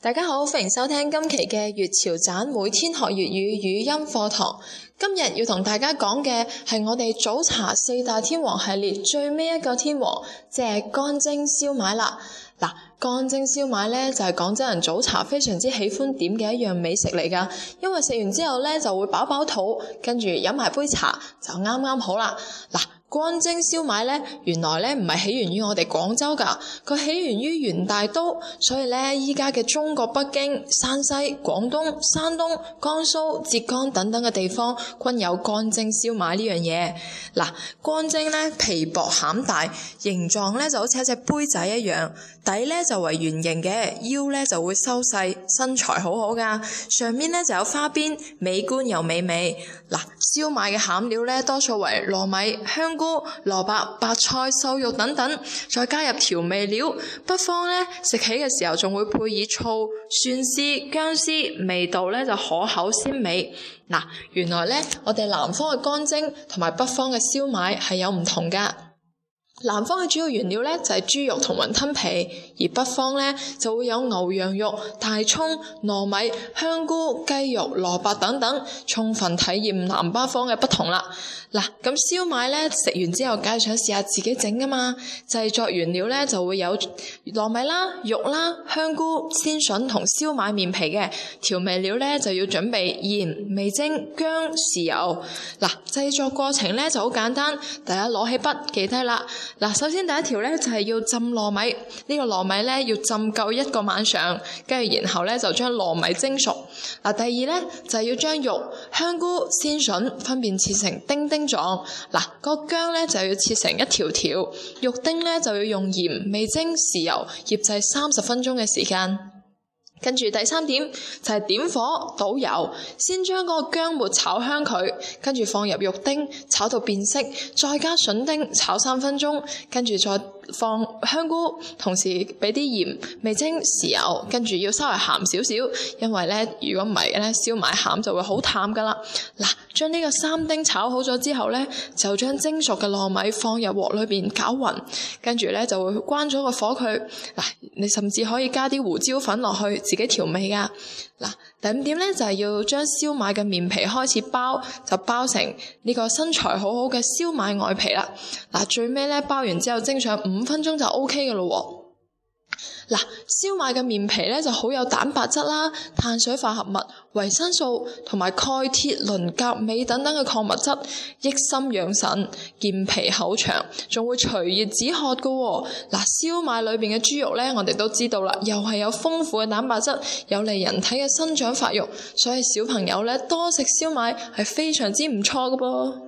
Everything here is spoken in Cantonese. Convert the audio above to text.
大家好，歡迎收聽今期嘅粵潮盞，每天學粵語語音課堂。今日要同大家講嘅係我哋早茶四大天王系列最尾一個天王，即係乾蒸燒賣啦。嗱，乾蒸燒賣咧就係廣州人早茶非常之喜歡點嘅一樣美食嚟噶，因為食完之後咧就會飽飽肚，跟住飲埋杯茶就啱啱好啦。嗱。乾蒸燒賣呢，原來呢唔係起源於我哋廣州㗎，佢起源於元大都，所以呢，依家嘅中國北京、山西、廣東、山東、江蘇、浙江等等嘅地方均有乾蒸燒賣呢樣嘢。嗱，乾蒸呢皮薄餡大，形狀呢就好似一隻杯仔一樣，底呢就為圓形嘅，腰呢就會收細，身材好好㗎，上面呢就有花邊，美觀又美味。嗱，燒賣嘅餡料呢，多數為糯米、香菇。蘿蔔、白菜、瘦肉等等，再加入調味料。北方呢食起嘅時候，仲會配以醋、蒜絲、姜絲，味道呢就可口鮮美。嗱、啊，原來呢我哋南方嘅乾蒸同埋北方嘅燒賣係有唔同噶。南方嘅主要原料咧就係、是、豬肉同雲吞皮，而北方咧就會有牛羊肉、大蔥、糯米、香菇、雞肉、蘿蔔等等，充分體驗南北方嘅不同啦。嗱、啊，咁燒賣咧食完之後，梗係想試下自己整㗎嘛！製作原料咧就會有糯米啦、肉啦、香菇、鮮筍同燒賣麵皮嘅，調味料咧就要準備鹽、味精、薑、豉油。嗱、啊，製作過程咧就好簡單，大家攞起筆記低啦。首先第一條呢，就係要浸糯米，呢、呢個糯米呢要浸夠一個晚上，跟住然後呢就將糯米蒸熟。嗱，第二呢，就係要將肉、香菇、鮮筍分別切成丁丁狀。嗱、這，個薑咧就要切成一條條，肉丁呢就要用鹽、味精、豉油醃製三十分鐘嘅時間。跟住第三點就係點火倒油，先將嗰個薑末炒香佢，跟住放入肉丁炒到變色，再加筍丁炒三分鐘，跟住再放香菇，同時俾啲鹽、味精、豉油，跟住要稍微鹹少少，因為咧如果唔係咧，燒賣餡就會好淡噶啦。嗱，將呢個三丁炒好咗之後咧，就將蒸熟嘅糯米放入鑊裏邊攪勻，跟住咧就會關咗個火佢。嗱，你甚至可以加啲胡椒粉落去，自己調味噶。嗱，第五點咧就係要將燒賣嘅面皮開始包，就包成呢個身材好好嘅燒賣外皮啦。嗱，最尾咧包完之後蒸上五分鐘就 OK 嘅咯喎，嗱、啊，燒賣嘅面皮咧就好有蛋白質啦、碳水化合物、維生素同埋鈣、鐵、磷、鉀、鎂等等嘅礦物質，益心養腎、健脾厚腸，仲會除熱止渴嘅喎、啊。嗱、啊，燒賣裏邊嘅豬肉咧，我哋都知道啦，又係有豐富嘅蛋白質，有利人體嘅生長發育，所以小朋友咧多食燒賣係非常之唔錯嘅噃。